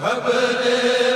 habale